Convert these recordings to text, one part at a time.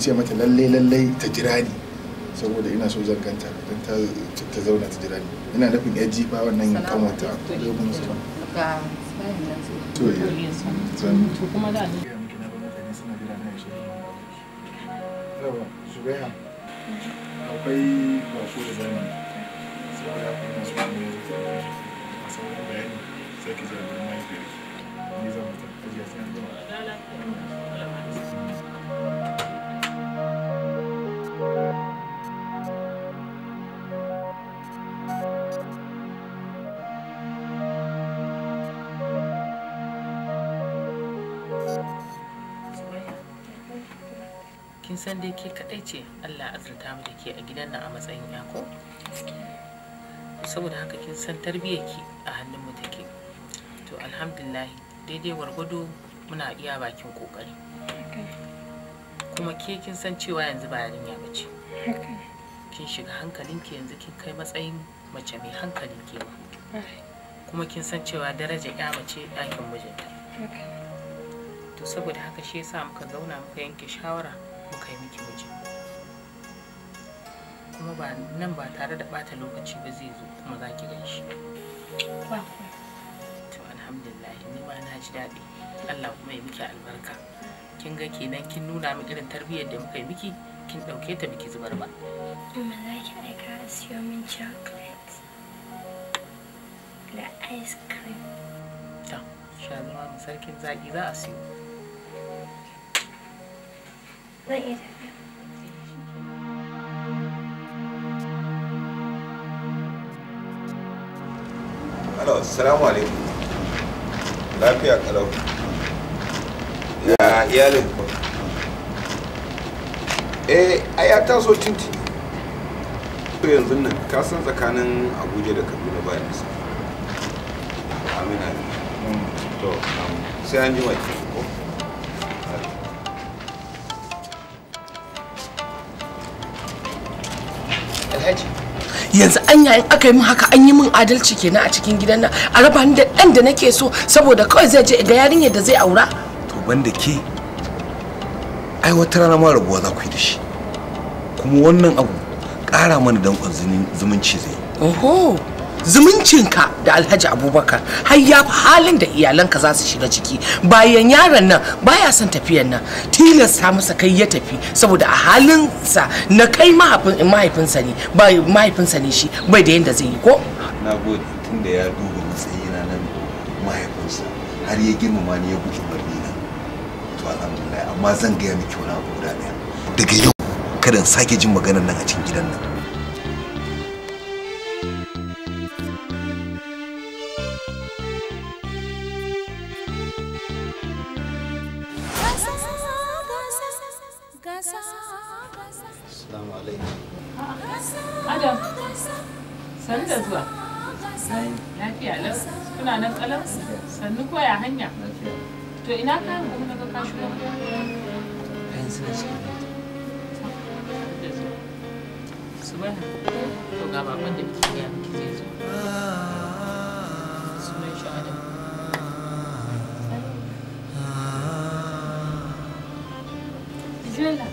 ce mata lalle lalle ta jira ni saboda ina so zan ganta dan ta zauna ta jira ni ina nufin ya jifa wannan yin kanwata to kuma da ni akwai bako da zamani saboda kuma su kuma a bayani sai ki ni sai san dai ke kaɗai ce Allah azurta mu da ke a gidan nan a matsayin yako saboda haka kin san tarbiyyar ki a hannun mu take to alhamdulillah daidai wargwado muna iya bakin kokari kuma ke kin san cewa yanzu ba yarinya bace kin shiga hankalin ki yanzu kin kai matsayin mace mai hankali ke kuma kin san cewa daraja ya mace ɗakin mijinta to saboda haka shi yasa muka zauna muka yanke shawara kai miki miji kuma ba nan ba tare da bata lokaci ba zai zo kuma za ki gan shi to alhamdulillah ni ma na ji daɗi Allah kuma ya miki albarka kin ga kenan kin nuna min irin tarbiyyar da muka yi miki kin ɗauke ta biki zubar ba amma za ki aika a siyo min chocolate da ice cream to sha zama sarkin zaki za a siyo Hello, salamu alaikum. Lafiya kalau. Ya iyalin ku. Eh, ai ta so tinti. yanzu nan ka san tsakanin Abuja da Kaduna bayan nisa. Amina. Mm, to, um, sai an ji mai. yanzu anya in aka yi min haka an yi min adalci kenan a cikin gidan nan a raba ni da ɗan da nake so saboda kawai zai je ga yarinyar da zai aura to banda ke ai wata rana ma rabuwa za ku yi da shi kuma wannan abu kara mana danƙon zumunci zai oho zumuncinka da alhaji abubakar har ya halin da iyalanka za su shiga ciki bayan yaron nan baya son tafiyan nan tilasta masa kai ya tafi saboda a halinsa na kai mahaifinsa ne mahaifinsa ne shi bai da yadda zai yi ko na gode tun da ya duba matsayina nan mahaifinsa har ya girmama ni ya barni na to alhamdulillah amma zan gaya miki wani abu guda daya daga yau kada sake jin maganar nan a cikin gidan nan sannu ko ya hanya to ina kayan kuma na kayan suna to ga baban da zai zo sunan shi adam Jela,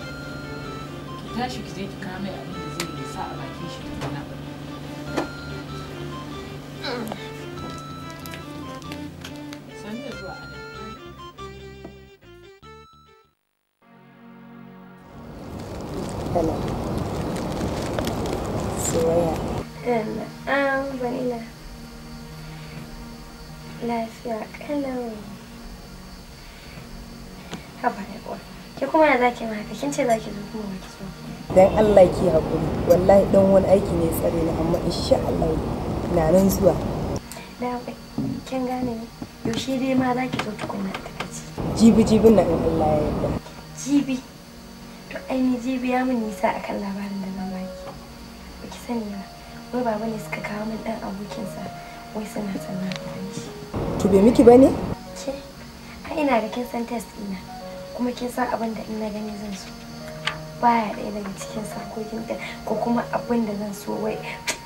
ki tashi ki je ki kame abin da zai sa a bakin shi. lafiya kalau kuma ya zaki ma haka kin ce zaki zo kuma ba ki so dan Allah ki hakuri wallahi ɗan wani aiki ne tsare ni amma insha Allah na nan zuwa da kin gane ni? yaushe dai ma zaki zo tukunna ta kace jibi jibin nan in Allah ya yarda jibi to ai ni jibi ya mun nisa a kan labarin da na baki ba ki sani ba wai baba ne suka kawo min dan abokinsa wai suna tsammanin shi To bai miki bane? Ce, ai ina da kin san test ina kuma kin san abin da ina gani zan so. Baya ɗaya daga cikin sakokin da ko kuma abin da zan so wai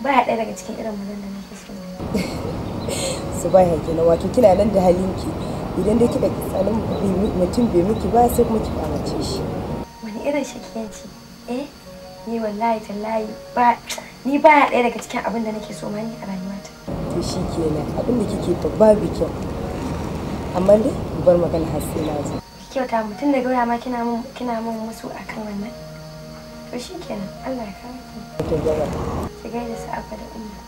baya ɗaya daga cikin irin mazan da nake so. Su baya kenan wato kina nan da halinki idan dai kika tsanin mutum bai miki ba sai kuma ki kamace shi. Wani irin shakiyanci? Eh, ni wallahi tallahi ba ni baya ɗaya daga cikin abin da nake so ma ni a rayuwata. da shi kenan abin da kike fa babu kyau amma dai bar magana har sai na zo kyauta mutum da gaura ma kina mun kina mun musu akan wannan to shi kenan Allah ya kawo ki to gaba ki gaida su abba da umma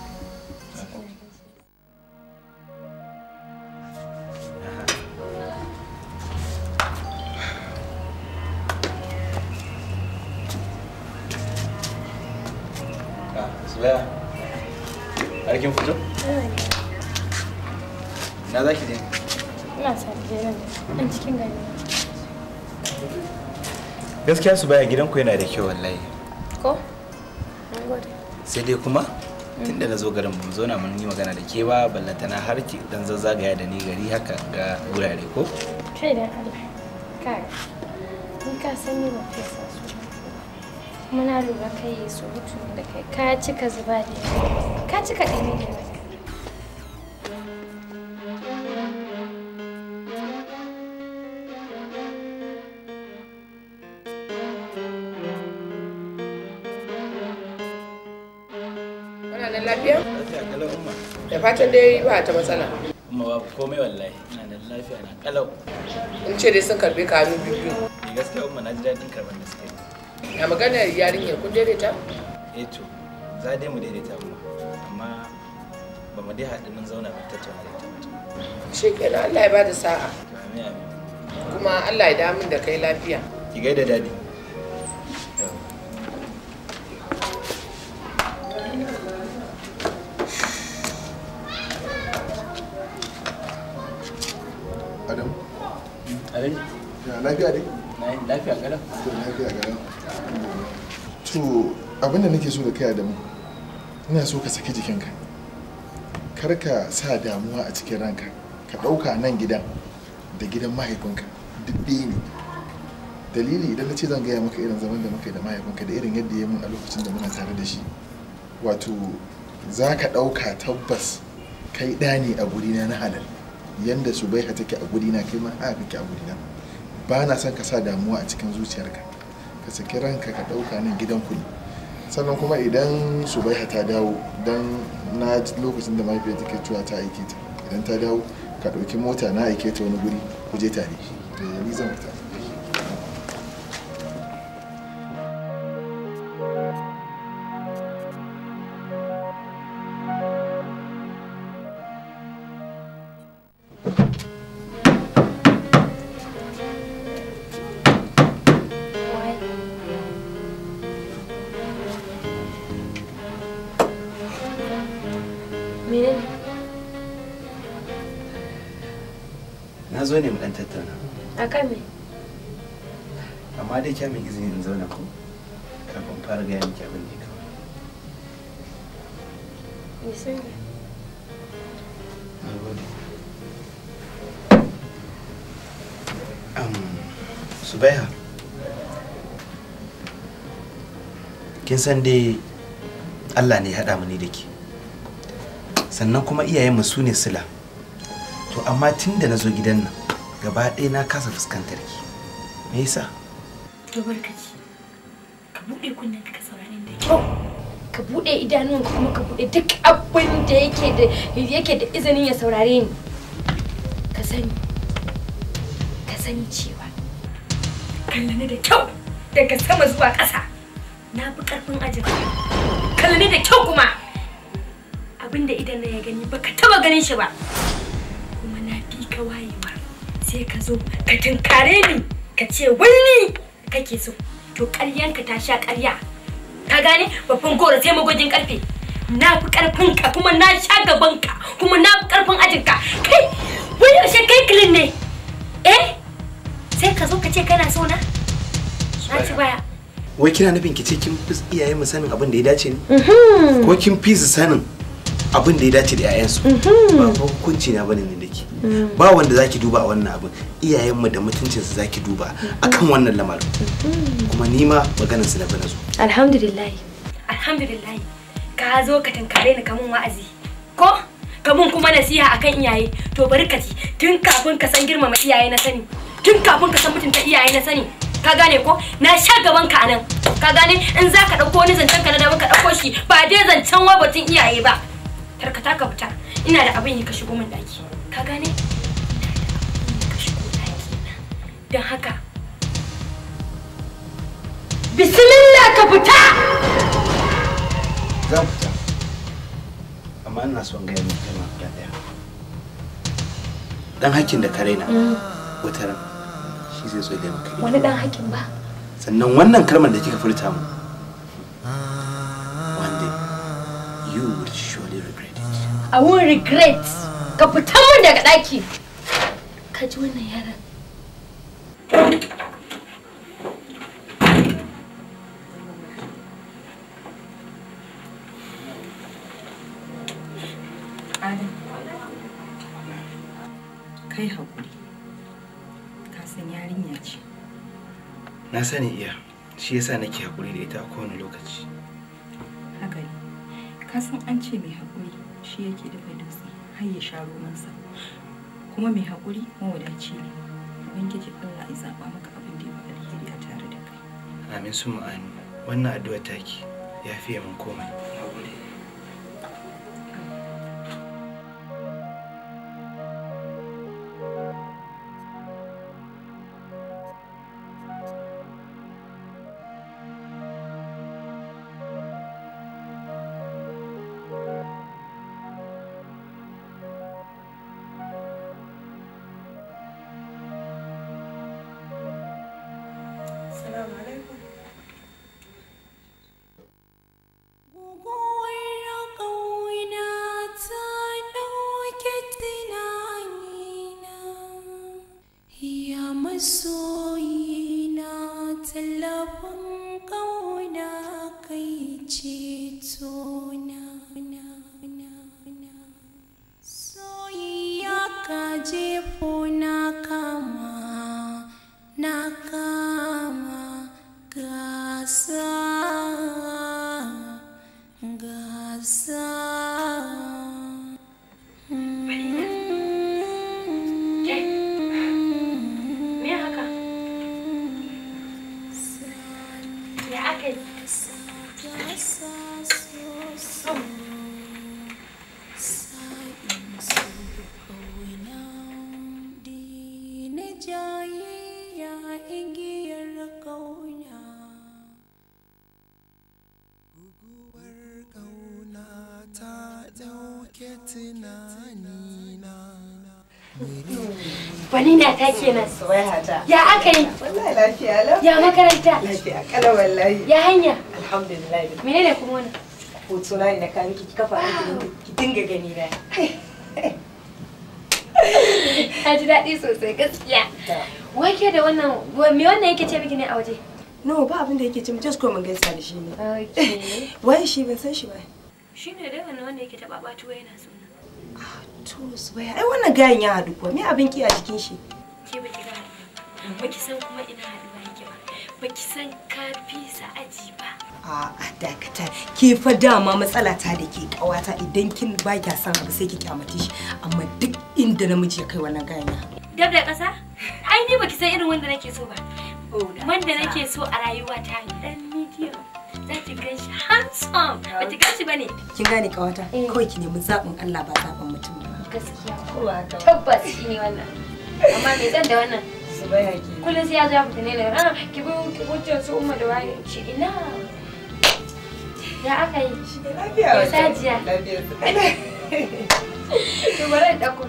Yeah. Harkin fito? Na za ki je? Ina sa je nan, Gaskiya su baya gidanku yana da kyau Ko? Sai dai kuma tunda na zo garin mu zo na mun yi magana da ke ba ballantana har ki dan zazzagaya da ni gari haka ga wurare ko? Kai da Allah. Kai. Ni ka san ni ba fesa. Kuma na lura kai su surutu da kai ka cika zuba da ka cika ɗani da da fatan dai ba ta matsala kuma babu komai wallahi ina da lafiya na kalau in ce dai sun karbe ka hannu biyu gaskiya umma na ji daɗin karban da suke ya maganar yarinyar kun daidaita? eh to za dai mu daidaita kuma amma ba mu dai haɗu mun zauna mun tattauna da ita ba shi Allah ya ba da sa'a amin amin kuma Allah ya damun da kai lafiya ki gaida dadi Adam. Adam. Ya lafiya dai? Lafiya Lafiya to abinda nake so da kai adamu ina so ka saki jikinka kar ka sa damuwa a cikin ranka ka ɗauka nan gidan da gidan mahaifinka duk ɗaya dalili idan na ce zan gaya maka irin zaman da muka yi da mahaifinka da irin yadda ya mun a lokacin da muna tare da shi wato za ka ɗauka tabbas kai ɗa ne a gurina na halal yanda subaiha take a gurina kai ma haka kake a gurina ba na son ka sa damuwa a cikin zuciyarka ka saki ranka ka ɗauka nan gidan ku sannan kuma idan subaiha ta dawo don na lokacin da mahaifiyar take cewa ta aike ta idan ta dawo ka ɗauki mota na aike ta wani guri ku je tare eh, ni zan fita san dai Allah ne ya haɗa mu ni da ke sannan kuma iyayenmu su ne sila to amma tun da na zo gidan nan gaba ɗaya na kasa fuskantar ki me yasa to barkaci ka buɗe kunnen ka da ka buɗe idanuwan kuma ka buɗe duk abin da yake da yake da izinin ya saurare ni ka sani ka sani cewa kallane da kyau daga sama zuwa ƙasa na fi karfin ajin kalli da kyau kuma abinda idan na ya gani ba ka taba ganin shi ba kuma na fi ka wayewa sai ka zo ka tunkare ni ka ce wani kake so to ƙaryanka ta sha ƙarya ka gane babban goro sai magogin karfe na fi karfin ka kuma na sha gaban ka kuma na fi karfin ajin ka kai wani yaushe kai kilin ne eh sai ka zo ka ce kana so na na ci baya wai kina nufin ki ce kin fi iyayen mu sanin abin da ya dace ne mm-hmm. ko kin fi su sanin abin da ya dace da iyayen su mm-hmm. ba fa hukunci na bane ne dake mm. ba wanda zaki duba a wannan abin iyayen mu da mutuncin su zaki duba mm-hmm. akan wannan lamarin kuma ni ma maganar su na bana zo alhamdulillah alhamdulillah ka zo ka tinkare ni kamun wa'azi ko kamun kuma nasiha akan iyaye to bari ka ji tun kafin ka san girmama iyaye na sani tun kafin ka san mutunta iyaye na sani ka gane ko na sha gaban ka anan ka gane in za ka ɗauko wani zancen ka na daban ka ɗauko shi ba dai zancen wa batun iyaye ba tarkata ka fita ina da abin yi ka shigo min daki ka gane ka shigo daki don haka bisimillah ka fita zan fita amma ina son gaya kai ma ɗaya dan hakkin da ka raina mm. wata ran shi zai so ya gani wani dan hakin ba sannan wannan kalmar da kika furta mu one day you will surely regret it i won't regret ka fita mun daga daki ka ji wannan yaran Adam, kai haƙuri. na sani iya shi yasa nake hakuri da ita a kowane lokaci haka ka san an ce mai hakuri shi yake dafa dutse har ya sha romansa kuma mai hakuri mawadaci ne ubangiji Allah ya zaba maka abin da ya fi alheri a tare da kai amin su ma'ani wannan addu'a take ya fiye min komai Amina ta kenan. nan Ya aka yi? Wallahi lafiya lau. Ya makaranta? Lafiya kala wallahi. Ya hanya? Alhamdulillah. ne kuma wannan? Hoto na ina ka miki kafa ki dinga gani na. Ta ji daɗi sosai gaskiya. da wannan me wannan yake ce miki ne a waje? No ba abin da yake ce mu ko mun gaisa da shi ne. Wai shi ban san shi ba. Shi ne dai wannan wanda yake taɓa ɓatuwa yana so. Ah, to Subaiha ai wannan gayan ya haɗu kuwa abin ki jikin shi? san kuma ina haɗuwa ki ba baki san kafi sa aji ba a dakata ke fa dama matsala ta da ke kawata idan kin ba kya san abu sai ki kyamace shi amma duk inda namiji ya kai wannan ganya dab da ƙasa ai ni baki san irin wanda nake so ba wanda oh, nake so a rayuwa ta dan medium za ki gan shi handsome ba ki gan shi bane kin gane kawata eh. kawai ki nemi zaɓin Allah ba zaɓin mutum ba gaskiya tabbas ne wannan amma me zan da wannan su bai kullum sai ya zo ya fita ne ah ki bi ki wuce su umma da waye ci ina ya aka yi lafiya wata Ya lafiya to bare da ku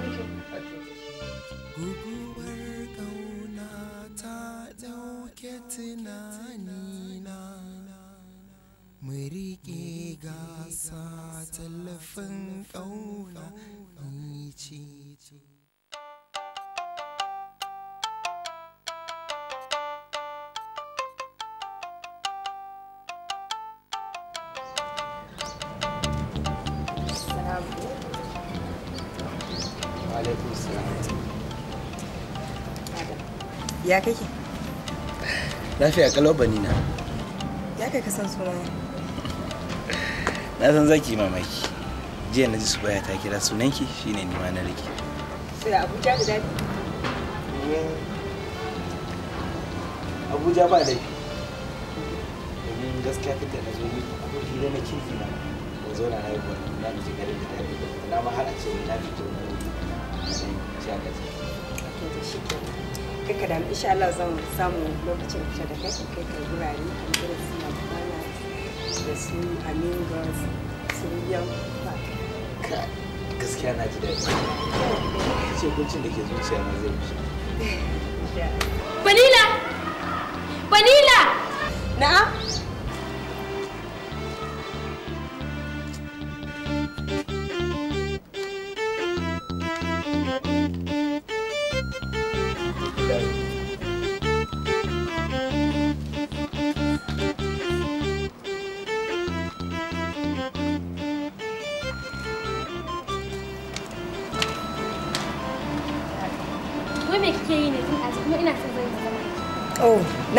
miki gasa tallafin ƙauna ni ce Ya kake? Lafiya kalau bani na. Ya kai ka san suna Na san zaki mamaki. Jiya na ji su baya ta kira sunanki shine ni ma na rike. Sai Abuja da dadi. Eh, Abuja ba laifi. Domin gaskiya tunda na zo ni ko hira na kirki na. Na zo na haihuwa na ji garin da dadi. Na ma har a na fito na Sai ya gaji. To da shi kaka da insha Allah zan samu lokacin fita da kai kai kai gurare kan su Mabana da su Amin Girls su Young Park gaskiya na ji daɗi ce da ke zuciya na zai fi Banila! Banila!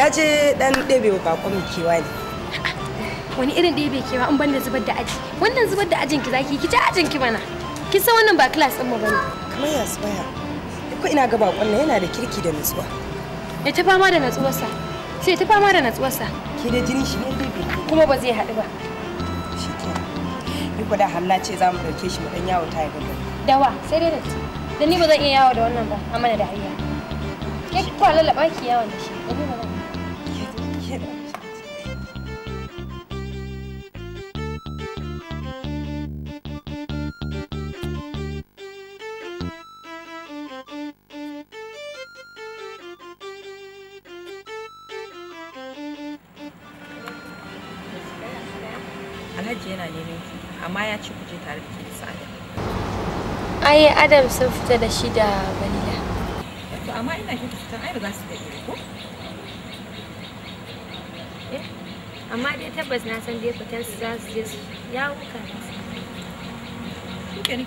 na je dan ɗebe bakon kewa ne wani irin ɗebe kewa an banda zubar da aji wannan zubar da ajin ki zaki ki ta ajin ki mana ki san wannan ba class din mu bane kamar ya tsaya ko ina ga bakon nan yana da kirki da nutsuwa ya ta fama da sa sai ta fama da sa ke da jini shi ne bebe kuma ba zai haɗu ba shi ke ni ko da hamna ce za mu ɗauke shi mu ɗan yawo ta yi dawa sai dai da da ni ba zan iya yawo da wannan ba amma da hanya ke kwa lalaba ki yawon da shi ba Alhaji yana amma ya ci kuje tare da ke Sa'ada. Ai Adam sun fita da shi da Balila. amma ina ai ba za su amma dai tabbas na san dai fitar su za su je su yawo kare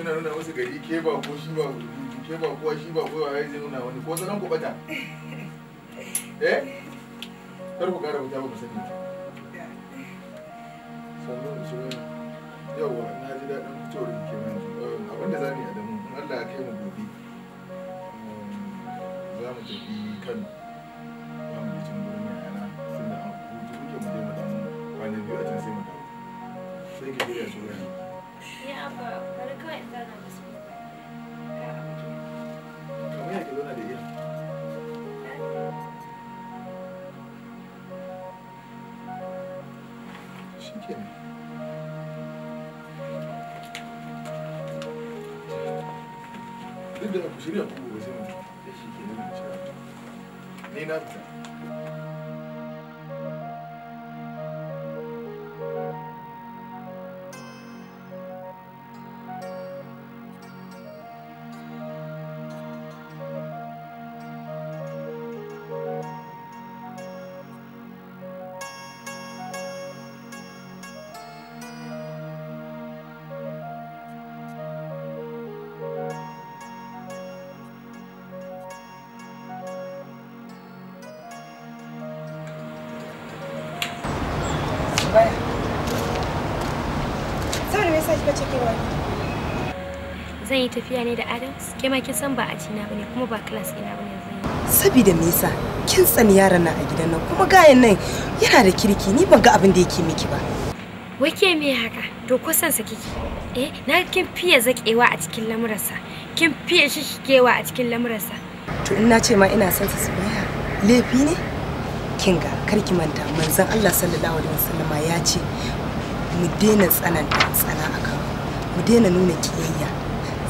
kina nuna musu gari ke ba ko shi ba ke ba kowa shi ba ko ya zai nuna wani ko sanan ku bata eh kar ku kara wuta ba ku sani sannan ku ne yawa na ji daɗin fitowar ke nan eh, abinda za mu yi a damu Allah ya kai mu gobe um, za mu tafi kan Thank mu Iya apa? Kalau kau entah nama semua. Kamu yang kedua ada dia. Singkirnya. Duk da ku shirya ku gobe sai mu da shi ke nan mu shirya. Ni na fita. kika zan yi tafiya ne da adams ke ma kin san ba a cina bane kuma ba class ina bane zan yi saboda me yasa kin tsani yaran nan a gidan nan kuma gayan nan yana da kirki ni ban ga abin da yake miki ba wai ke me haka to ko san sa kike eh na kin fiye zakewa a cikin lamuransa kin fiye shishikewa a cikin lamuransa to in na ce ma ina son sa su baya laifi ne kinga kar ki manta manzon Allah sallallahu alaihi wasallama ya ce mu daina tsananta tsana akan ku daina nuna kiyayya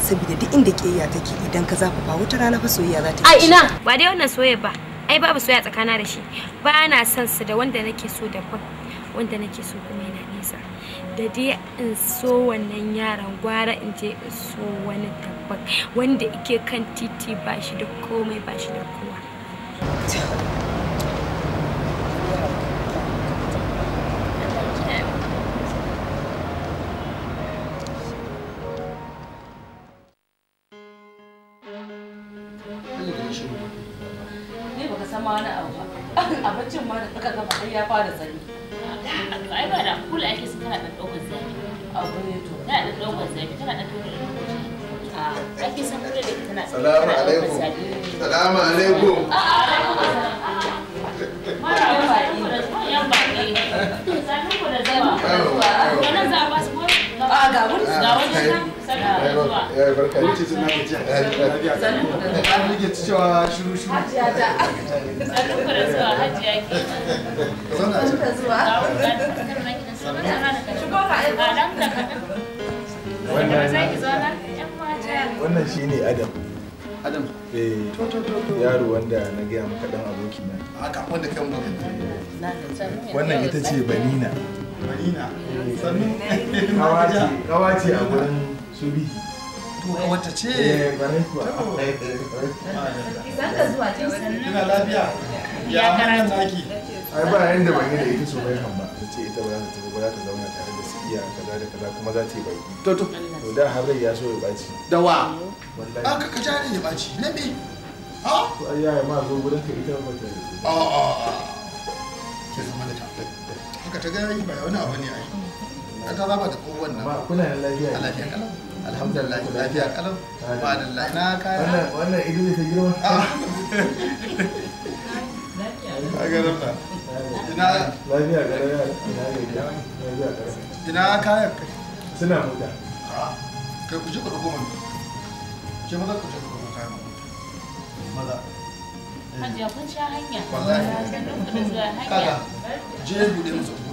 saboda duk inda kiyayya take idan ka ba wata rana fa soyayya za ta a ina ba dai wannan soyayya ba ai babu soyayya tsakana da shi ba na son su da wanda nake so daban wanda nake so kuma yana nesa da dai in so wannan yaron gwara in je in so wani tabbak wanda ike kan titi ba shi da komai ba shi da kowa ya fara tsari. Ai ba da kula ake tana ɗan ɗaukar Abu ne to. Tana ɗan ɗaukar tana ɗan ɗaukar Ake san kula da Salamu alaikum. Salamu alaikum. Mara a ga wuri ga na da cewa hajiya ta zuwa hajiya ke zuwa ga wuri wannan adam Adam. Eh. To to to to. Yaro wanda na gaya maka dan aboki na. Haka wanda kan mu. Wannan ita ce Banina. madina eh. sannu kawace a wurin subi to wata ce eh, eh, zanga zuwa ta sannu kina lafiya ya hannun naki ai ba yayin da bani da ita so bai kan ba ta ce ita ba za ta tafi ba za ta zauna tare da sikiya kaza da kaza kuma za ta yi baki to to to da har ya so ya baci da wa wallahi aka ka jani ya baci na me ha to ai ya ma zo gurin ka ita ba ta a a ke zama da tafi haka ta gani ba wani abu ne ai a ta raba da kowanne ba kuna da lafiya lafiya kalau alhamdulillah lafiya kalau ba da na kaya wannan wannan ido ta girma ah. lafiya ina lafiya kalau lafiya kalau ina kayan kai suna mota ah. kai ku ji ku dubo ce maza ku ji ku dubo kayan maza Hajiya kun sha hanya. Wallahi. Kaga je bude musu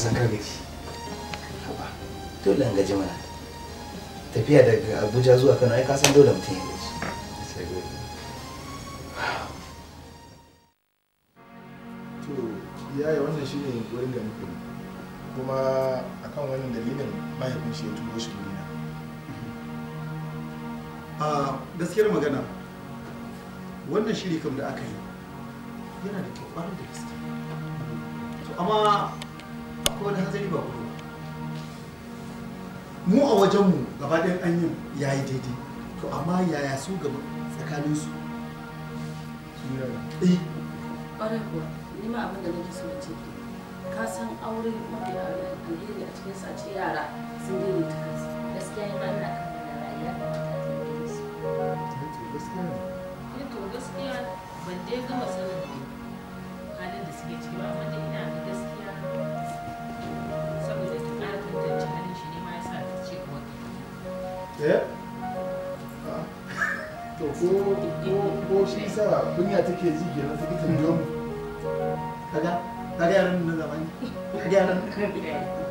sakar da shi. haba dole an gaji mana tafiya daga abuja zuwa kano ai ka san dole mutum ya gaji to yaya wannan ne wurin da muke kuma akan wannan dalilin mahaifin shi ya turo shi nuna a gaskiyar magana wannan shiri kam da aka yi yana da kyau da gaske to amma akwai wani hanzari ba kudu mu a wajenmu gaba ɗayan an yi ya yi daidai to amma yaya su gaba tsakanin su eh. ƙwarai kuwa ni ma abin da nake so ce ke ka san aure mafi alheri a cikin sa yara sun daidaita kansu gaskiya yana ina kan rayuwa gaskiya eh to gaskiya ban dai gama sanin halin da suke ciki ba amma dai ina eh ah. to ko ko shi eh. sa kunya take ji kenan take tambayo mu kaga kaga yaran nan kaga yaran eh.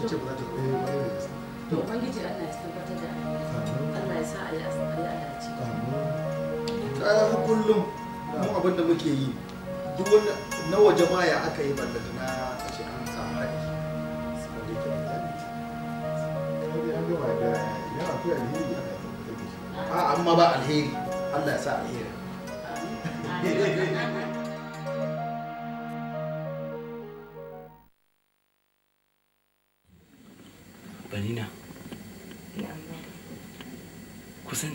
ta ce ba za ta ba ne to ubangiji Allah ya da Allah ya sa ta kullum mu abin da muke yi duk wanda na waje ma ya aka yi ballata na kashe an samu saboda da da alheri a amma ba alheri Allah ya sa alheri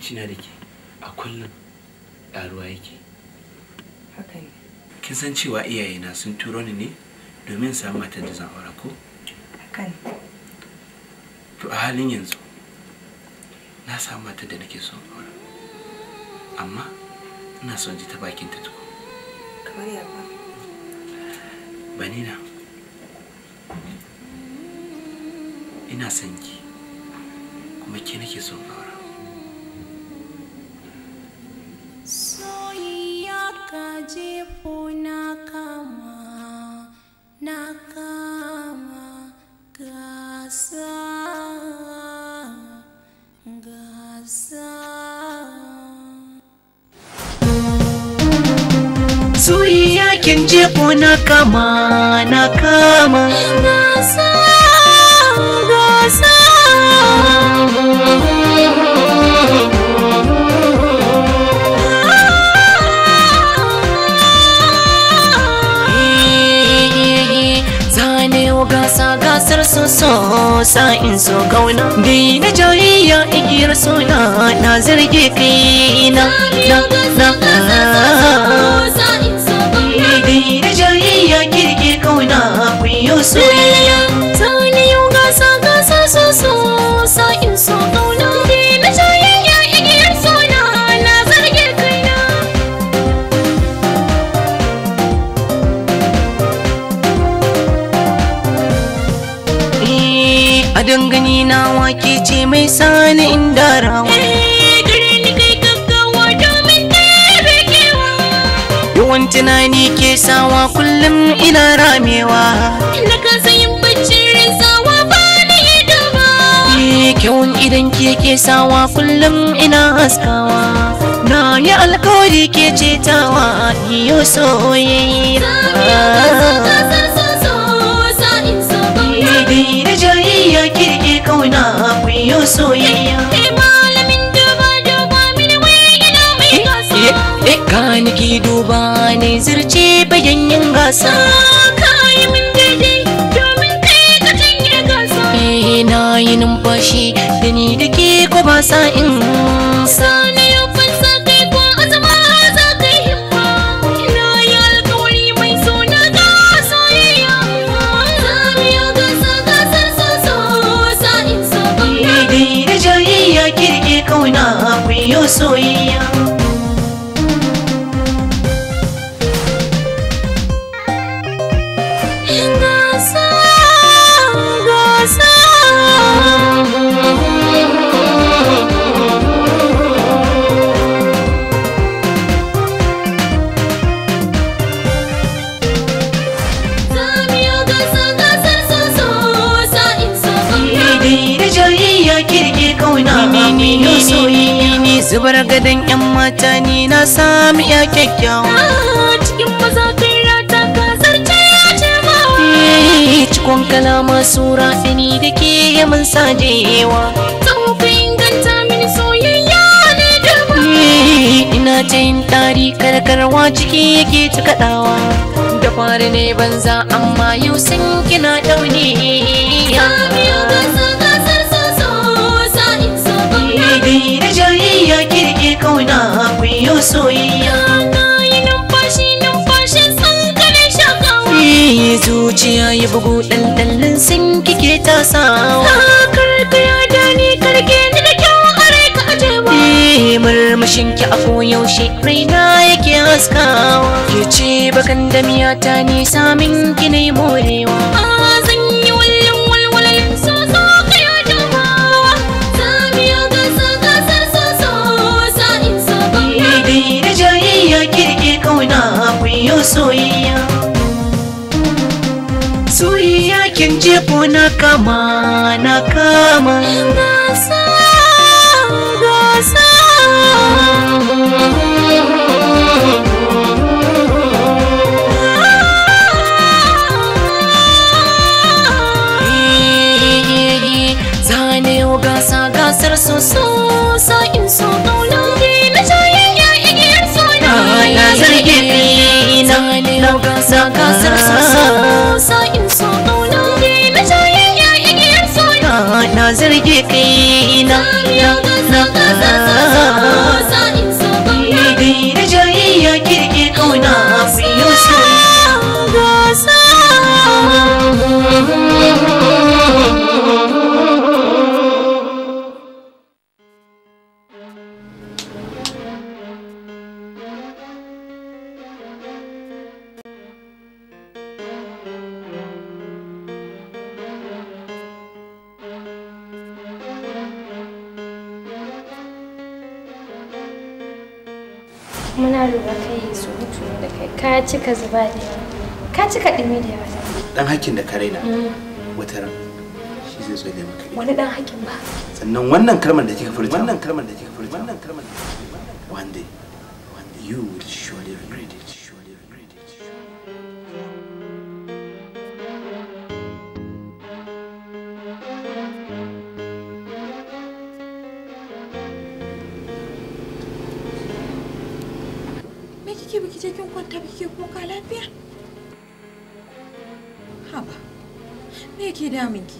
zumunci na da ke a kullum ƙaruwa yake kin san cewa iyayena sun turo ni ne domin samu matar da zan aura ko to a halin yanzu na samu matar da nake son aura amma ina son ji ta bakin ta tuko kamar ya ba banina ina son ki kuma ke nake son aura ka jefo na kama na kama gasa gasa soyayya kin jefo na kama na kama gasa gasa kasar su so sa'in so kauna bi na jariya igiyar suna na na kaina na na na na wake ce mai sani inda rawa yawan tunani ke sawa kullum ina ramewa na kasa yin baccin rinsawa ba ni ido ba kyawun idan ke ke sawa kullum ina haskawa na yi alkawari ke cetawa yau soyayya juna ku yi soyayya Gani eh, eh, eh, ki duba ne zirce yin gasa Kayi min daidai domin kai ka gasa Eh na yi numfashi da ni da ke ko ba sa in soy zubar gadon yan mata ni na sami ya kyakkyawa ah, cikin maza kai rata ka ce ya ce ma eh, cikon kalama sura ni da ke yaman sajewa tsofin ganta mini soyayya ne da eh, ina jin tari karkarwa ciki yake ta kaɗawa da fari ne banza amma yau sun kina daune zauna akwai yi soyayya na yi numfashi numfashin zuciya ya bugu ɗanɗanin sun kike tasawa karkaya da ni karke ni da kyau rai ka ajewa murmushin ki a koyaushe raina yake haskawa ke ce bakan da miyata ni samin ki ne morewa ah, zan soyayya soyayya kin jefo na kama na kama gasa gasa ah. Zane gasa gasar sosai burge na na na sannan wannan kalmar da kika furta wannan kalmar da kika furta wannan kalmar da one day one day you will surely regret it surely regret it me kike biki je kin kwanta biki kuma ka lafiya? Haba, me yake damin ki?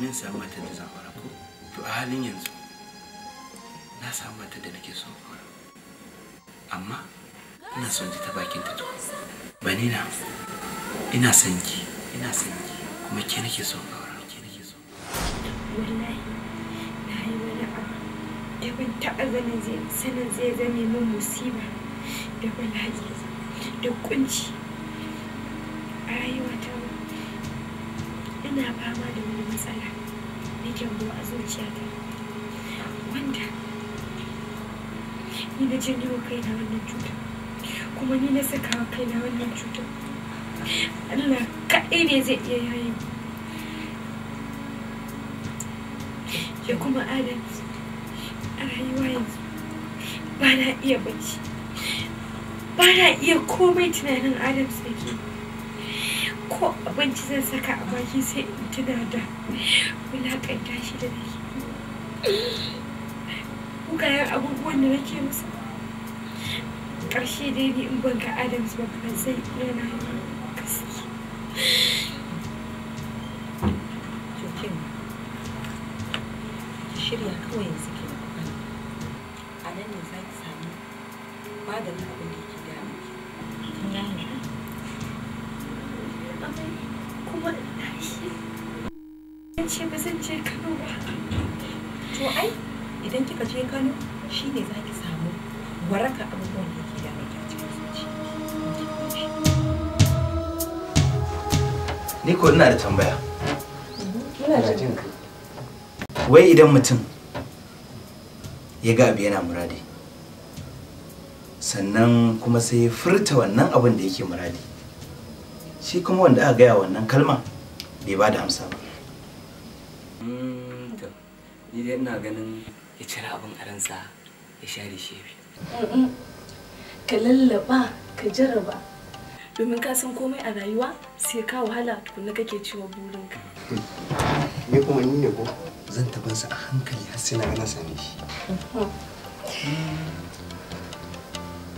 domin samu matar da zan aure ko to a halin yanzu na samu matar da nake son aure amma ina son ji ta bakin ta banina ina son ki ina son ki kuma ke nake son aure ke nake son wallahi na yi wani abu da ban taɓa zanen zai sanin zai zame min musiba da bala'i da kunci a rayuwata ina fama da damuwa a zuciyata kuma ni na saka wa na wannan cutar Allah kaɗai ne zai iya ya kuma rayuwa yanzu ba ba na iya komai tunanin adam da ke ko abinci zan saka a baki sai in tuna da wulaƙanta shi da nake mugayen abubuwan da nake musu Karshe dai ni in ban ga adams ba ban zai yana gaske idan mutum ya ga abu yana muradi sannan kuma sai ya furta wannan abin da yake muradi shi kuma wanda aka gaya wannan kalma bai ba amsa ba hmm, ni dai ina ganin ya cire abin a ransa ya share shi ya ka lallaba ka jaraba domin ka san komai a rayuwa sai ka wahala tukunna kake cewa burinka ni kuma ni ne ko zan taɓa su a hankali har sai na gana same shi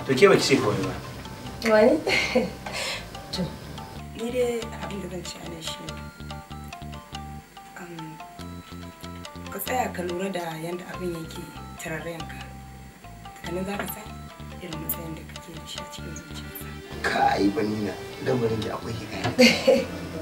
to ke baki ce kawai ba wani to ni dai abin da zan ci a nan shi um, ka tsaya ka lura da yadda abin yake tararrenka kanin za ka san irin matsayin da kake da shi a cikin zuciyarka ka ai banina lamarin da akwai hikaya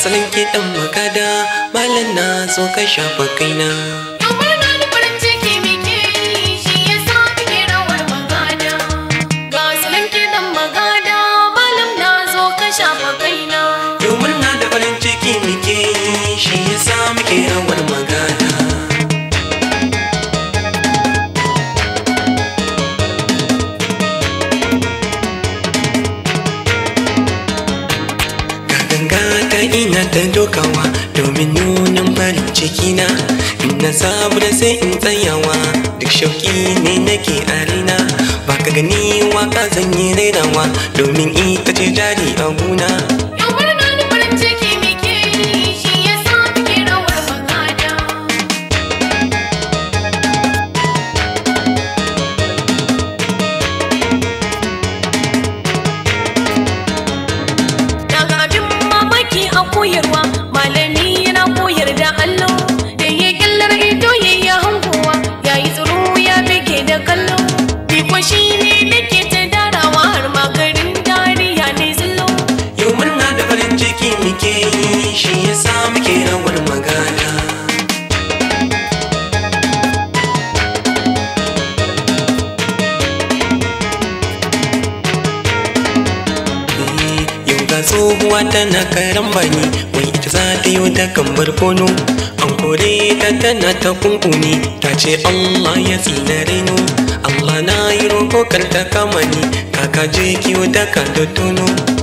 salon kiɗan magada malam na zo ka shafa kaina Ida kando tunu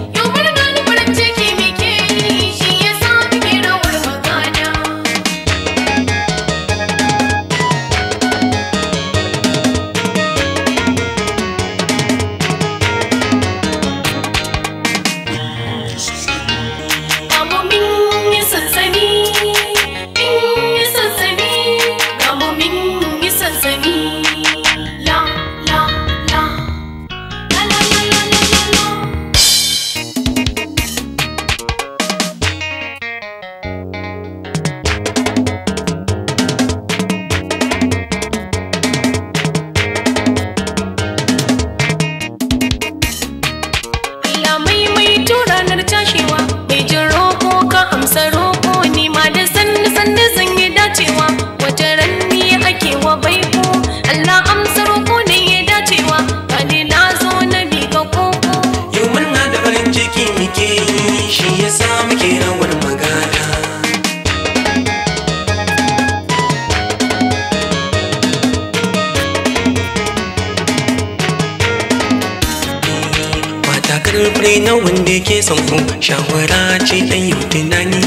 son shawara ce ɗan yau tunani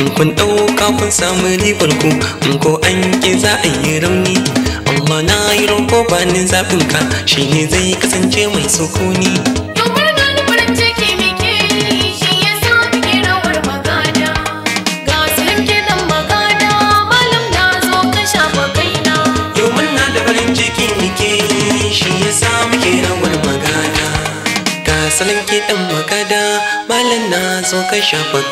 in kun ɗauka kun samu ribarku, ku in ko an ƙi za a yi rauni amma na yi roƙo ni zaɓinka shi ne zai kasance mai sukuni. với cho bậc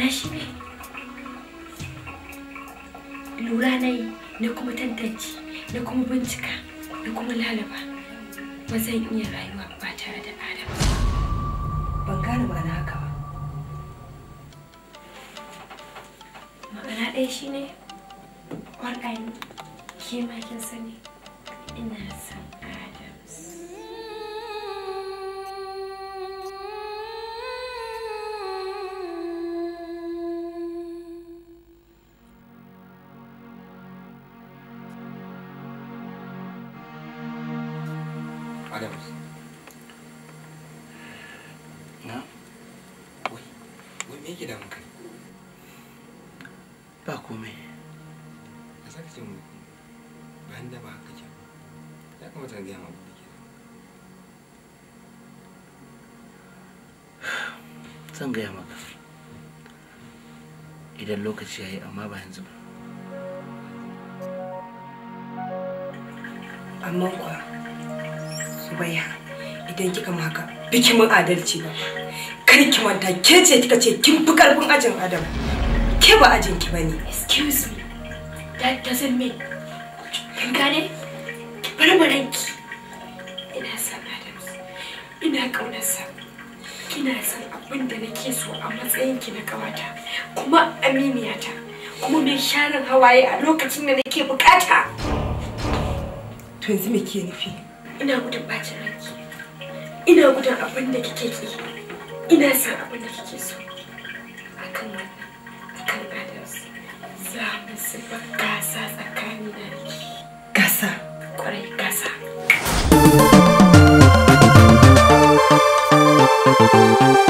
na shi ne lura na yi na kuma tantance na kuma bincika na kuma lalaba ba zan iya rayuwa ba tare da adam ban gane ba na haka ba magana ɗaya shi ne ne ke ma sani ina son adam ya yi amma ba yanzu ba amma kuwa subaya idan kika maka biki mun adalci ba kar ki manta ke ce kika ce kin fi karfin ajin adam ke ba ajin ki bane excuse me that doesn't mean kin gane ki bar ki. aminiyata kuma mai sharin hawaye a lokacin da nake bukata to yanzu me ke nufi ina gudun bacin ranki ina gudun abin da kike ki ina san abin da kike so akan wannan akan others za mu zuba gasa tsakani da gasa kwarai gasa Thank you.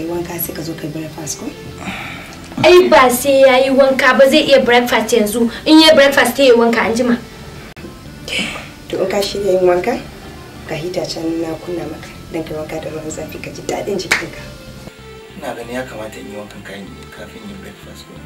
kai wanka sai ka zo kai breakfast ko ai ba sai ya yi wanka ba zai iya breakfast yanzu in yi breakfast ta yi wanka an jima to in ka shirya yin wanka ka hita can na kunna maka don kai wanka da ruwan zafi ka ji daɗin jikinka ina ganin ya kamata in yi wankan ne kafin yin breakfast ko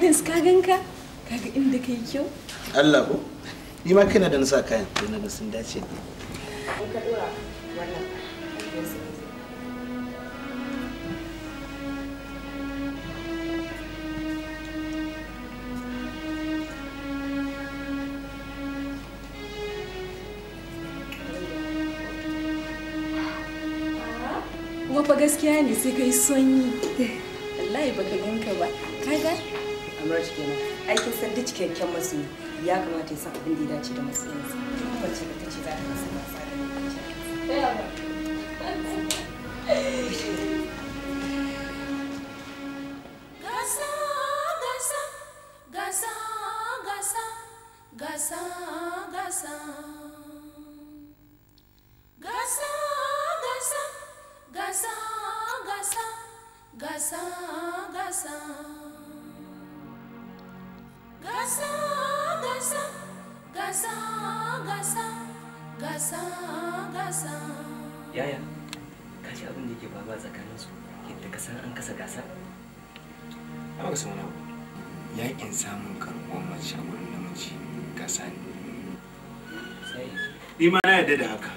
gardens ka ganka kaga inda kai kyau Allah ko ni ma kana da nasa kayan to na sun dace ne ka dora wannan gaskiya ne sai kai sanyi. ta cikakken masoyi ya kamata ya san abin da ya dace da masoyinsa wacce za ta masa Gasa, gasa, gasa, gasa, gasa, gasa, gasa, gasa, gasa, gasa. gasa gasa gasa gasa gasa gasa yaya ka abin da ke faruwa tsakanin su yadda ka san an kasa gasa ba ka san wani abu yakin samun karuwan mace a wurin namiji gasa ne ni ma na yadda da haka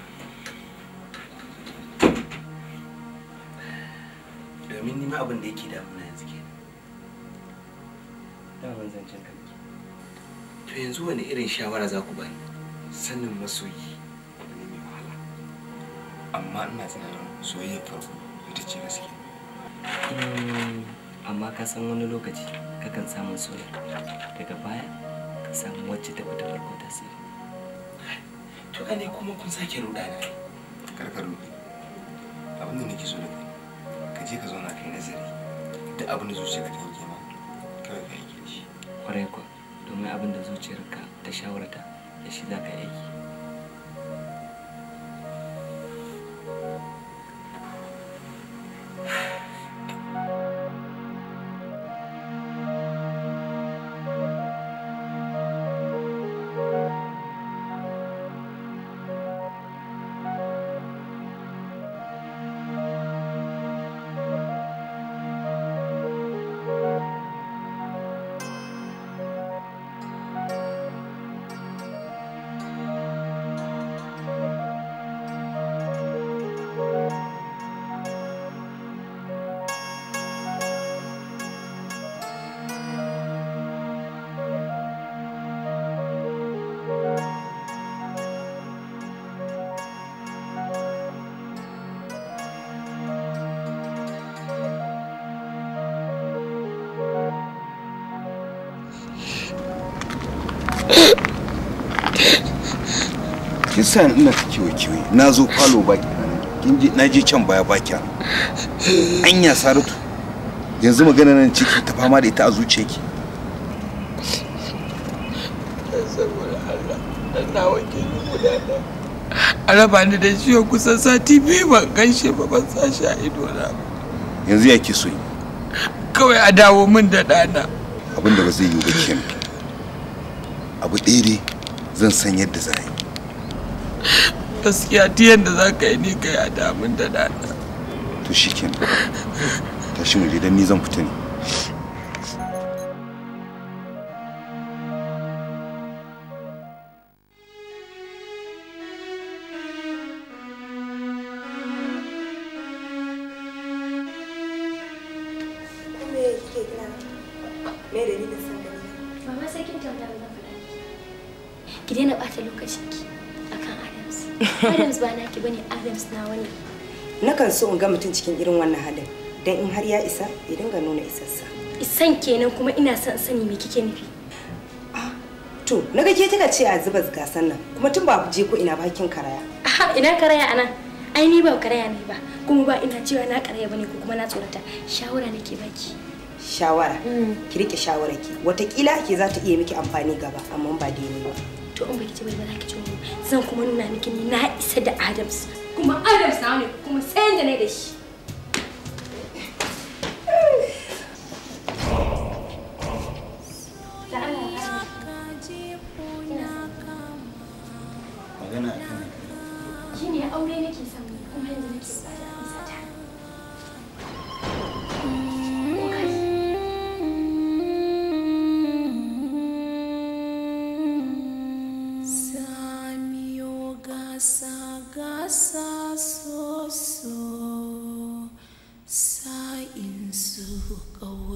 domin ni ma abin da yake damuna yanzu kenan daman zancen ka to yanzu wani irin shawara za ku bani sanin masoyi wani mai wahala amma ina tunanin soyayya farko ita ce gaske hmm, amma ka san wani lokaci kakan samun soyayya daga baya ka samu wacce ta fi ta farko tasiri to ai kuma kun sake Karkar karkaru abin da nake so na kai ka je ka zauna kai nazari da abin da zuciya ka ta yanke ma kawai ka yanke shi kwarai kuwa komai abin da zuciyarka ta shawarta da shi za ka yi aiki yasa ina ta kiwo kiwo na zo falo baki na je can baya ba baki anya saratu yanzu magana nan ciki ta fama da ita a zuciyarki a raba ni da ciwo kusan sati biyu ban ganshi ba ban sa shi a ido na yanzu ya ki so yi kawai a dawo min da ɗana abinda ba zai yi ba kenan abu ɗaya zan san yadda za yi gaskiya tiyan da za ka yi ne ka a damun da dana to shi kenan tashi mu je dan ni zan fita ne bane adams nawa ne nakan so in ga mutum cikin irin wannan halin dan in har ya isa ya dinga nuna isassa. isan kenan kuma ina son sani me kike nufi to naga ke kika ce a zuba gasan nan kuma tun ba je ko ina ba kin karaya aha ina karaya anan ai ni ba karaya ne ba kuma ba ina cewa na karaya bane ko kuma na tsorata shawara nake baki shawara mm. ki rike shawara ki watakila ke za ta iya miki amfani gaba amma ba daidai ba to in baki ci bai ba za ki ci wani zan kuma nuna miki ni na isa da Adams kuma Adams na ne kuma sai yanda da shi magana shi ne aure nake son kuma yanzu nake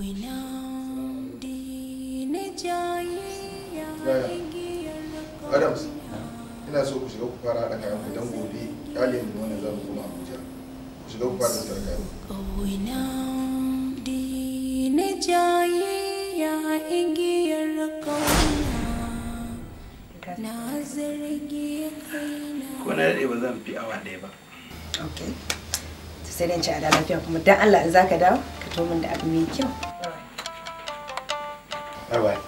Adams, ina so ku shiga ku fara da kayan ku don gobe kyale mu wannan zan koma Abuja. Ku shiga ku fara tattara kayan ku. Ƙauna di na zargi Ko na daɗe ba zan fi awa ɗaya ba. Ok. Sai dai ci a da lafiya kuma don Allah in za ka dawo ka to da abu mai kyau. Bye bye.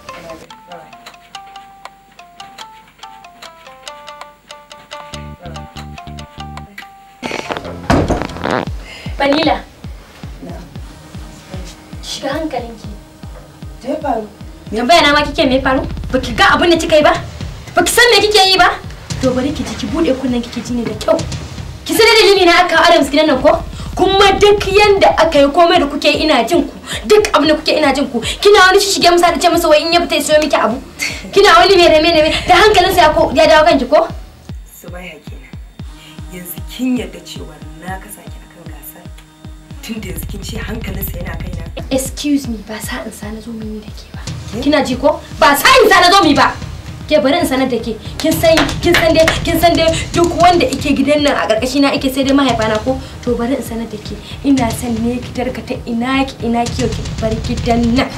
Balila. Shiga hankalinki. Me faru? Me bayana ma kike me faru? Baki ga abin da kika yi ba? Baki san me kike yi ba? To bari ki ji ki bude kunnen kike ji ne da kyau. Ki san dalili na aka Adams gidan nan ko? kuma duk yanda aka yi komai da kuke ina jin ku duk abin da kuke ina jin ku kina wani shige masa da ce masa wai in ya fita ya siyo miki abu kina wani mai rame rame da hankalin sa ya dawo kanki ko subaya kenan yanzu kin yadda cewa na ka saki akan gasa tun da yanzu kin ce hankalin sa yana kaina excuse me ba sa in sa na zo mini da ke ba kina ji ko ba sa in sa na zo mi ba ke bari in sanar da ke kin san kin san dai kin san dai duk wanda yake gidan nan a karkashi na yake sai dai mahaifana ko to bari in sanar da ke ina san ne ka ta ina ki ina ki ki bar gidan nan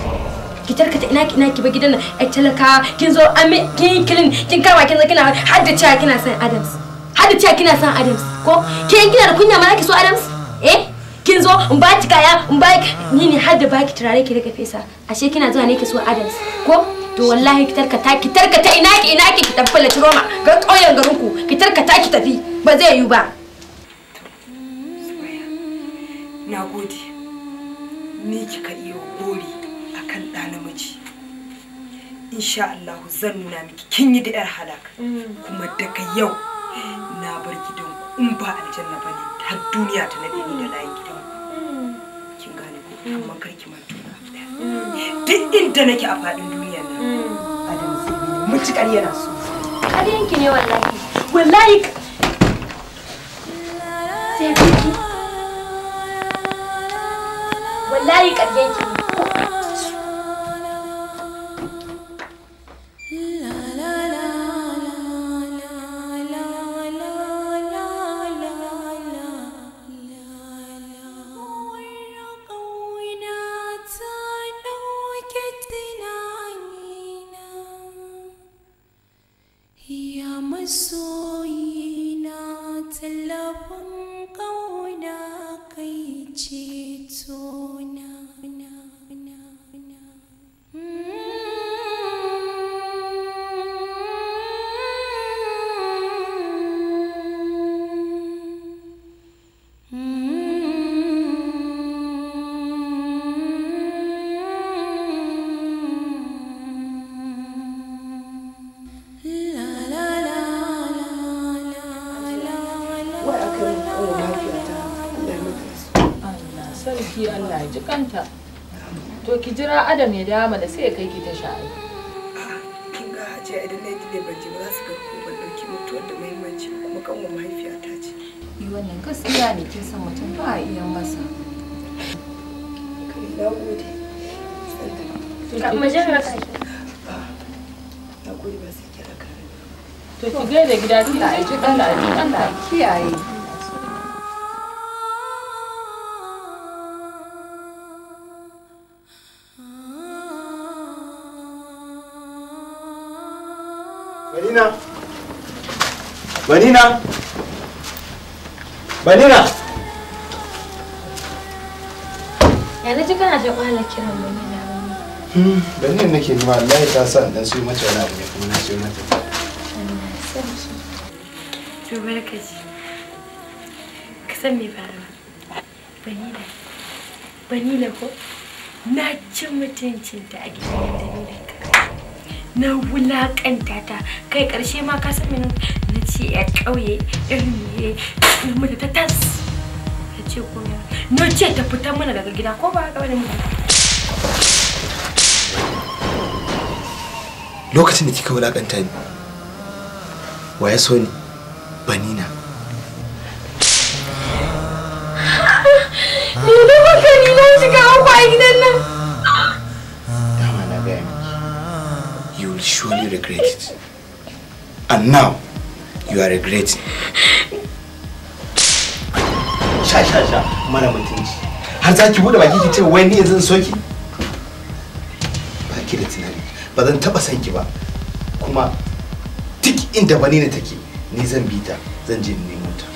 ka ta ina ki ina ki bar gidan nan ai talaka kin zo ami kin clean kin kama kin zo kina har da cewa kina san Adams har da cewa kina san Adams ko ke kina da kunya ma ki so Adams eh kin zo in ba ki kaya in ba ni ne har da ba ki turare ki rika fesa ashe kina zuwa ne ki so Adams ko to wallahi ki tarkata ki tarkata ina ki ina ki ki latroma ga ƙauyen garin ku ki tarkata ki tafi ba zai yi ba na gode ni kika iya gori akan ɗa namiji insha Allah zan nuna miki kin yi da yar halaka kuma daga yau na bar gidan ku in ba aljanna ba ne har duniya ta nabi ni da layin gidan kin gane ko amma kar ki duk inda nake a faɗin duniya Adam zai bi mutukar yana so. ne wallahi. Wallahi sai biki. Wallahi karyanki ne. kanta to ki jira adam ya dama da sai ya kai ki ta sha'ai kin ga hajiya idan na yi ban je ba za su ga ko ban dauki mutuwar da muhimmanci kuma kanwa mahaifiyata ce Yi wannan gaskiya ne kin san mutum ba a iya masa kai na gode to ki gaida gida kina aiki Allah Allah kiyaye Banira! Yanzu ji kana jin wahalar kiran ba ne da nake nima Allah ta sa dan su mace wani abu ne kuma na ce mata. To Ka san me ko na a da ni Na wulaƙanta ta kai ƙarshe ma ka san me ce ya ƙauye irin ta tas ta ce fita mana daga gida ko ba lokacin da kika wulakanta ni wa so ni banina ni da baka ni a gidan nan dama na gaya ni you will surely regret it and now are regretting. Sha sha sha mutunci. Har za ki bude baki ki ce wai ni zan so ki? Baki da tunani. Ba zan taba san ki ba. Kuma duk inda bani ne take ni zan bi ta zan je nemo ta.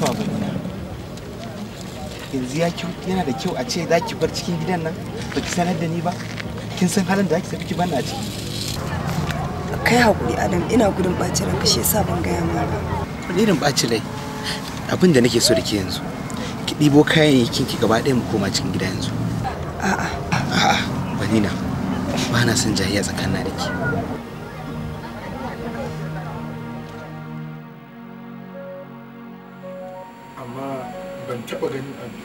haba bayyana yanzu ya yana da kyau a ce za ki bar cikin gidan nan ba ki sanar da ni ba kin san halin da za ki tafi ban a ciki kai hakuri adam ina gudun ɓaci ranka kashe yasa ban gaya ma ba irin ɓacin rai abin da nake so da ke yanzu ki ɗibo kayayyakin ki gaba ɗaya mu koma cikin gida yanzu a'a a'a banina ba na son jahiya tsakanin da ke taba ganin abu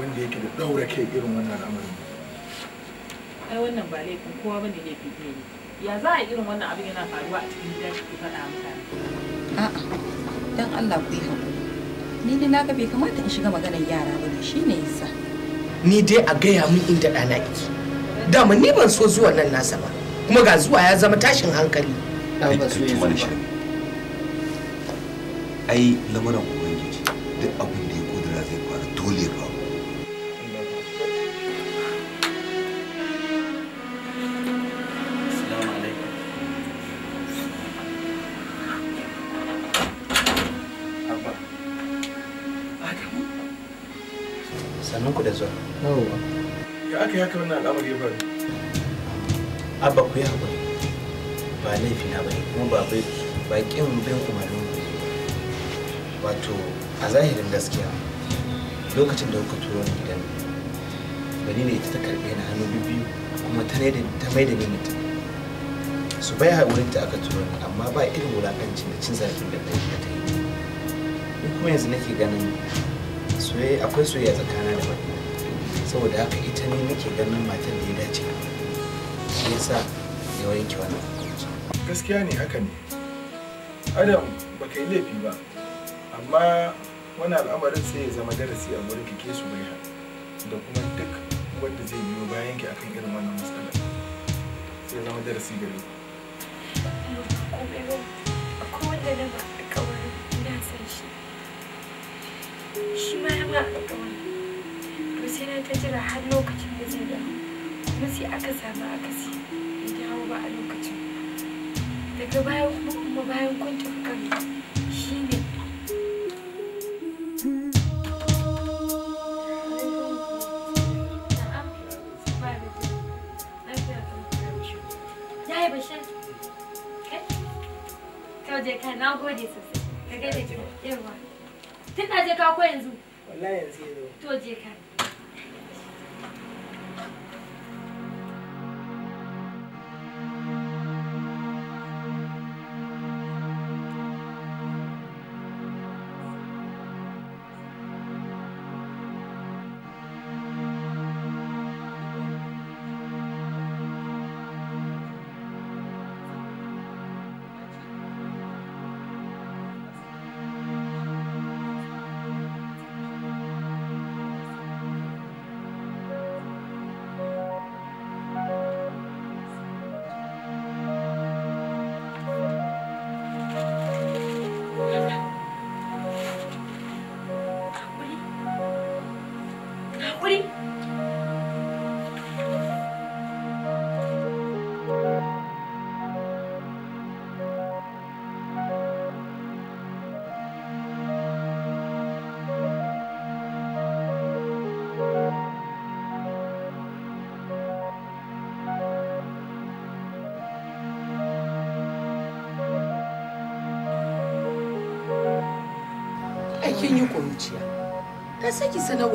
wanda yake da daura kai irin wannan al'amarin ai wannan ba laifin kowa bane laifin ne ya za a irin wannan abin yana faruwa a cikin gida ki faɗa mutane a'a dan Allah ku yi hakuri ni ne naga bai kamata in shiga maganar yara ba ne shine yasa ni dai a gaya min inda ɗana yake dama ni ban so zuwa nan nasa ba kuma ga zuwa ya zama tashin hankali ai lamuran lokacin da kuka turo ni gidan bari ne ta karɓe ni hannu biyu kuma ta ne ta mai da ni mutum su bai wurin ta aka turo ni amma ba irin wulaƙanci da cin zarafin da ɗaya ta yi ni kuma yanzu nake ganin soyayya akwai soyayya tsakanin da wani saboda haka ita ne nake ganin matar da ya dace shi yasa ya wanke wannan gaskiya ne haka ne adam baka yi laifi ba amma wani al'amarin sai ya zama darasi a gurin ke su bai da kuma duk wanda zai biyo bayan ki akan irin wannan matsalar sai ya zama darasi gare ku ko wanda na ba alƙawarin na san shi shi ma ya ba a to sai na ta jira har lokacin da zai dawo kuma sai aka samu akasi ya dawo ba a lokacin daga baya kuma bayan kun tafi kan Na gode sosai. Ka gaida je ka ko yanzu? Wallahi yanzu. To je ka.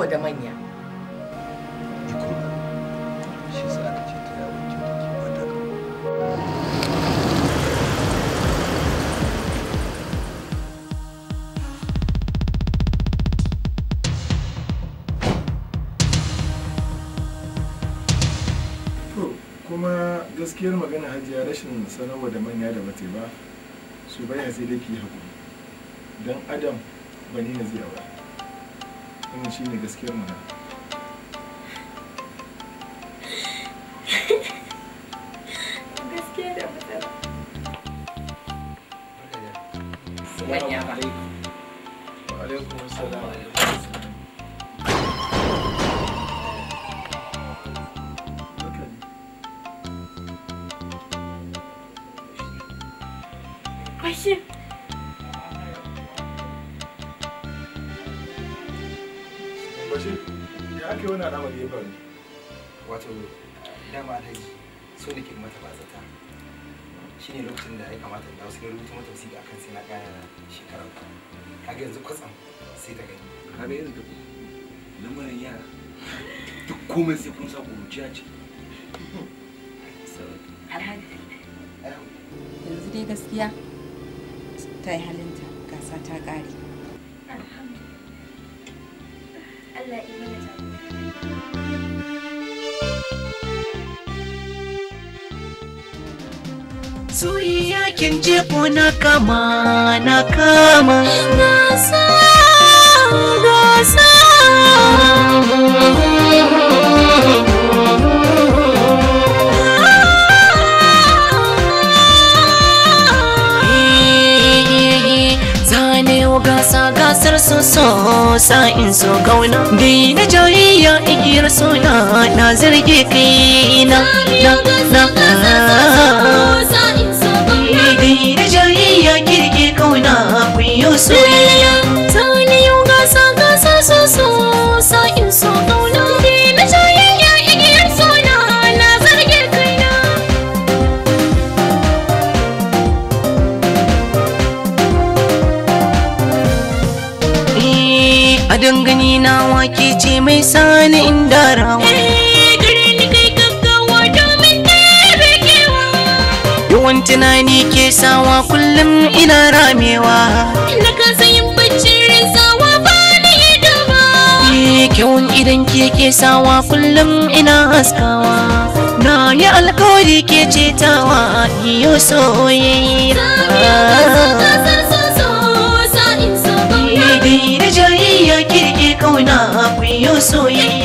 yawa da manya kuma gaskiyar magana hajiya rashin sanarwa da manya da mace ba su baya sai dai ki haƙuri don adam ne na zai wannan shi ne gaskiyar mana Спасибо. ce ya ake wani ya wato dama alhaji so da ke mata bazata lokacin da ya kamata da wasu rubuta mata wasiƙa akan sai na ƙara kaga yanzu kwatsam sai ta gani kaga yanzu duk lamarin yara duk komai sai kun sa ce yanzu dai gaskiya ta yi halinta gasa ta ƙare Soyayya yakin jefo na kama na kama. Gasa, gasa. sa gasar su so sa in so gauna bi na jayayya igiyar so na zargi kai na na na don gani na wake ce mai sani in darawa eh, yawan tunani ke sawa kullum ina ramewa na kasa yin baccin rinsawa ba na ido ba kyawun idan ke ke sawa kullum ina haskawa na yi alkawari ke cetawa iyo soyayya kauna ku yi